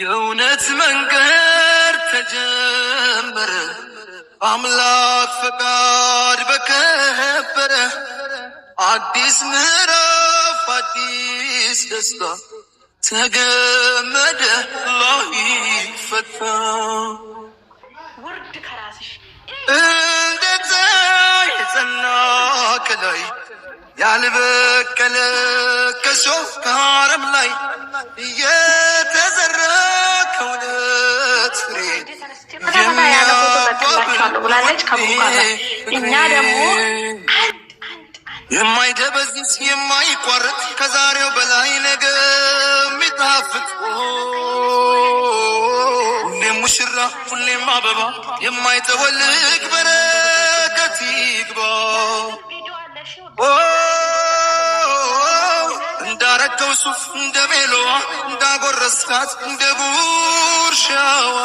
የእውነት መንገድ ተጀመረ በአምላክ ፈቃድ በከበረ አዲስ ምዕራፍ አዲስ ደስታ ተገመደ ላይ ፈታ እንደ የጸና ከላይ ያልበቀለ ከሶፍ ከአረም ላይ እየተዘራ ከእውነት ፍሬ ብላለች። እኛ ደግሞ የማይደበዝዝ የማይቋረጥ ከዛሬው በላይ ነገ የሚጣፍጥ ሁሌም ሙሽራ ሁሌም አበባ የማይጠወልግ በረከት ይግባ። እንዳረከው ሱፍ እንደ ቤሎ እንዳጎረስካት እንደ ጉርሻዋ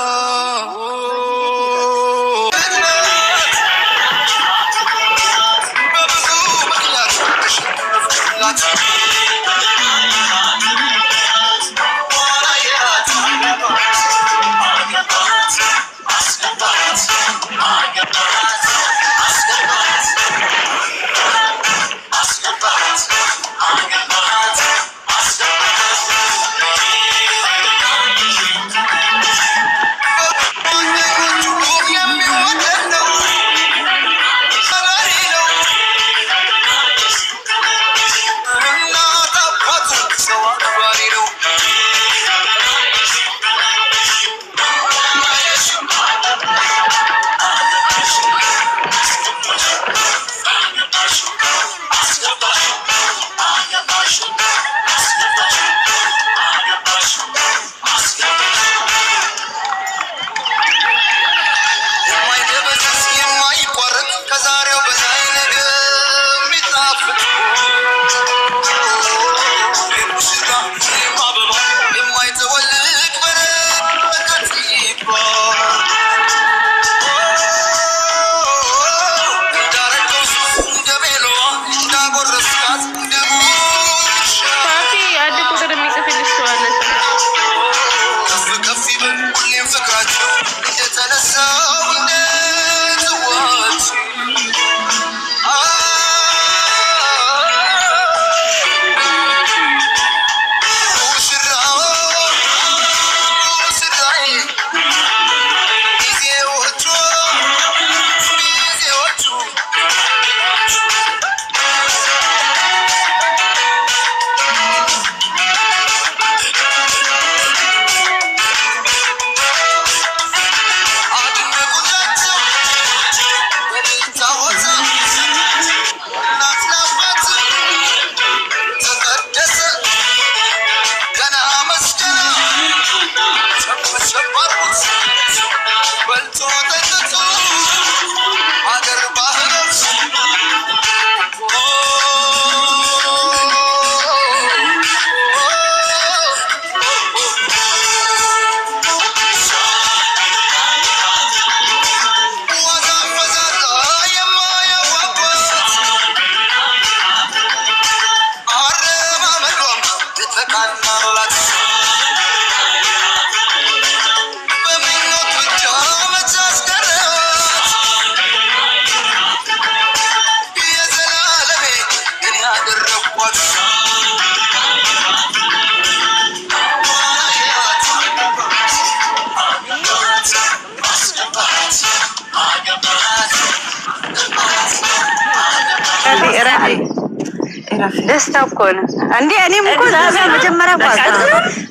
ደስታ እኮ ነው እንዴ! እኔም እኮ እዛ መጀመሪያ ኳስ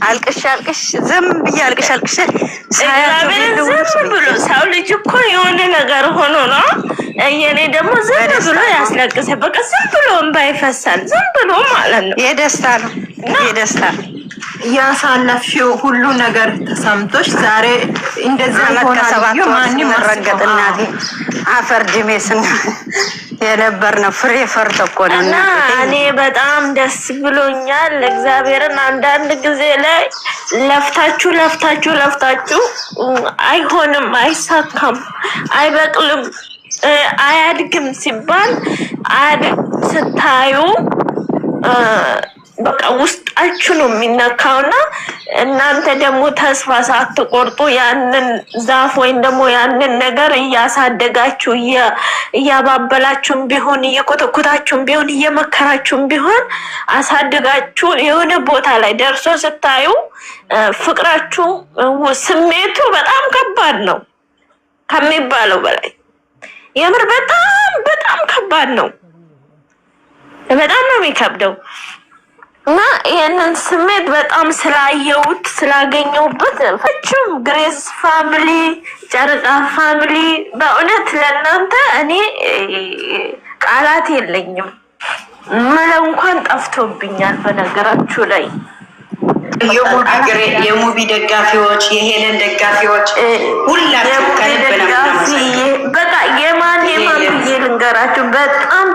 አልቅሽ አልቅሽ ዝም ብዬ አልቅሽ አልቅሽ ዝም ብሎ ሰው ልጅ እኮ የሆነ ነገር ሆኖ ነው። የኔ ደግሞ ዝም ብሎ ያስለቅሰ። በቃ ዝም ብሎ እንባ ይፈሳል። ዝም ብሎ ማለት ነው። የደስታ ነው የደስታ ያሳለፍሽው ሁሉ ነገር ተሰምቶሽ ዛሬ እንደዛ ሆና ማንም ረገጥና አፈር ድሜ ስና የነበር ነው ፍሬ ፈርቶ እኮ ነው። እና እኔ በጣም ደስ ብሎኛል። እግዚአብሔርን አንዳንድ ጊዜ ላይ ለፍታችሁ ለፍታችሁ ለፍታችሁ አይሆንም፣ አይሳካም፣ አይበቅልም፣ አያድግም ሲባል ስታዩ በቃ ውስጣችሁ ነው የሚነካውና እናንተ ደግሞ ተስፋ ሳትቆርጡ ያንን ዛፍ ወይም ደግሞ ያንን ነገር እያሳደጋችሁ እያባበላችሁም ቢሆን እየኮተኮታችሁም ቢሆን እየመከራችሁም ቢሆን አሳድጋችሁ የሆነ ቦታ ላይ ደርሶ ስታዩ ፍቅራችሁ ስሜቱ በጣም ከባድ ነው ከሚባለው በላይ የምር በጣም በጣም ከባድ ነው። በጣም ነው የሚከብደው። እና ይህንን ስሜት በጣም ስላየሁት ስላገኘሁበት ፍቹም ግሬስ ፋሚሊ፣ ጨረቃ ፋሚሊ በእውነት ለእናንተ እኔ ቃላት የለኝም። ምለው እንኳን ጠፍቶብኛል። በነገራችሁ ላይ የሙቢ ደጋፊዎች፣ የሄለን ደጋፊዎች ሁላችሁ ከልብ ነው ልንገራችሁ በጣም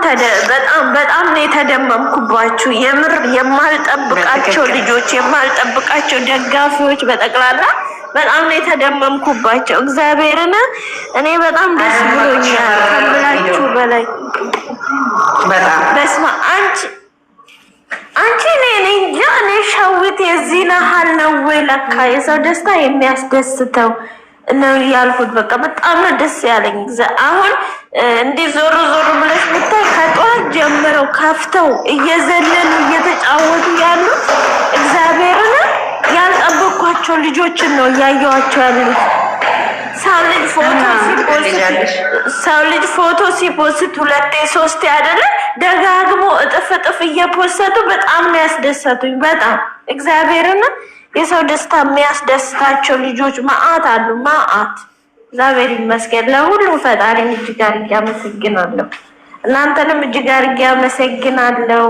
በጣም በጣም ነው የተደመምኩባችሁ። የምር የማልጠብቃቸው ልጆች የማልጠብቃቸው ደጋፊዎች በጠቅላላ በጣም ነው የተደመምኩባቸው። እግዚአብሔርን እኔ በጣም ደስ ብሎኛል ከምላችሁ በላይ በጣም በስመ አንቺ አንቺ እኔ እኔ ሸዊት የዚህ ናሃል ነው ወይ ለካ የሰው ደስታ የሚያስደስተው ነው ያልኩት። በቃ በጣም ነው ደስ ያለኝ። አሁን እንዲህ ዞሮ ዞሮ ብለሽ ብታይ ከጠዋት ጀምረው ከፍተው እየዘለሉ እየተጫወቱ ያሉት እግዚአብሔርን ያልጠበኳቸው ልጆችን ነው እያየዋቸው ያሉት። ሰው ልጅ ፎቶ ሲፖስት ሁለቴ ሶስቴ አይደለ ደጋግሞ እጥፍ እጥፍ እየፖሰቱ በጣም ነው ያስደሰቱኝ። በጣም እግዚአብሔርን የሰው ደስታ የሚያስደስታቸው ልጆች ማአት አሉ። ማአት እግዚአብሔር ይመስገን። ለሁሉም ፈጣሪን እጅግ አድርጌ አመሰግናለሁ። እናንተንም እጅግ አድርጌ አመሰግናለሁ።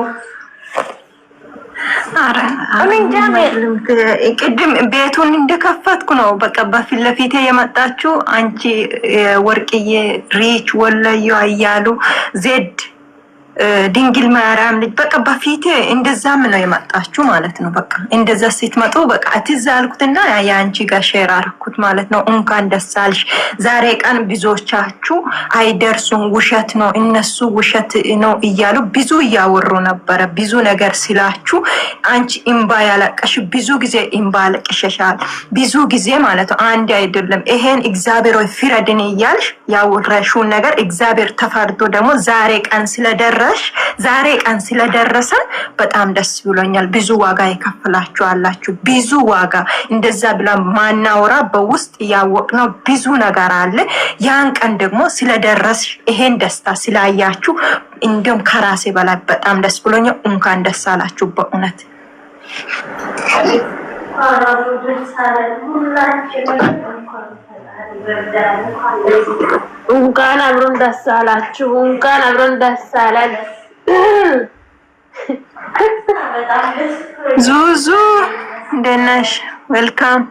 ቅድም ቤቱን እንደከፈትኩ ነው በቃ በፊት ለፊቴ የመጣችው አንቺ ወርቅዬ ሪች ወለዩ አያሉ ዜድ ድንግል ማርያም ልጅ በቃ በፊት እንደዛም ነው የመጣችሁ ማለት ነው። በቃ እንደዛ ስትመጡ በቃ ትዝ አልኩትና የአንቺ ጋር ሼር አልኩት ማለት ነው። እንኳን ደስ አልሽ። ዛሬ ቀን ብዙዎቻችሁ አይደርሱም፣ ውሸት ነው እነሱ ውሸት ነው እያሉ ብዙ እያወሩ ነበረ። ብዙ ነገር ስላችሁ አንቺ እምባ ያለቀሽ ብዙ ጊዜ እምባ ያለቅሸሻል። ብዙ ጊዜ ማለት ነው አንድ አይደለም። ይሄን እግዚአብሔር ፍረድን እያልሽ ያወራሽውን ነገር እግዚአብሔር ተፈርዶ ደግሞ ዛሬ ቀን ስለደረ ደርሰሽ ዛሬ ቀን ስለደረሰ በጣም ደስ ብሎኛል። ብዙ ዋጋ የከፍላችሁ አላችሁ። ብዙ ዋጋ እንደዛ ብላ ማናወራ በውስጥ እያወቅ ነው ብዙ ነገር አለ። ያን ቀን ደግሞ ስለደረስ ይሄን ደስታ ስላያችሁ እንዲሁም ከራሴ በላይ በጣም ደስ ብሎኛል። እንኳን ደስ አላችሁ በእውነት ሁላችንም እንኳን አብሮን ደስ አላችሁ። እንኳን አብሮን ደስ አለን። ዙዙ እንደነሽ ዌልካም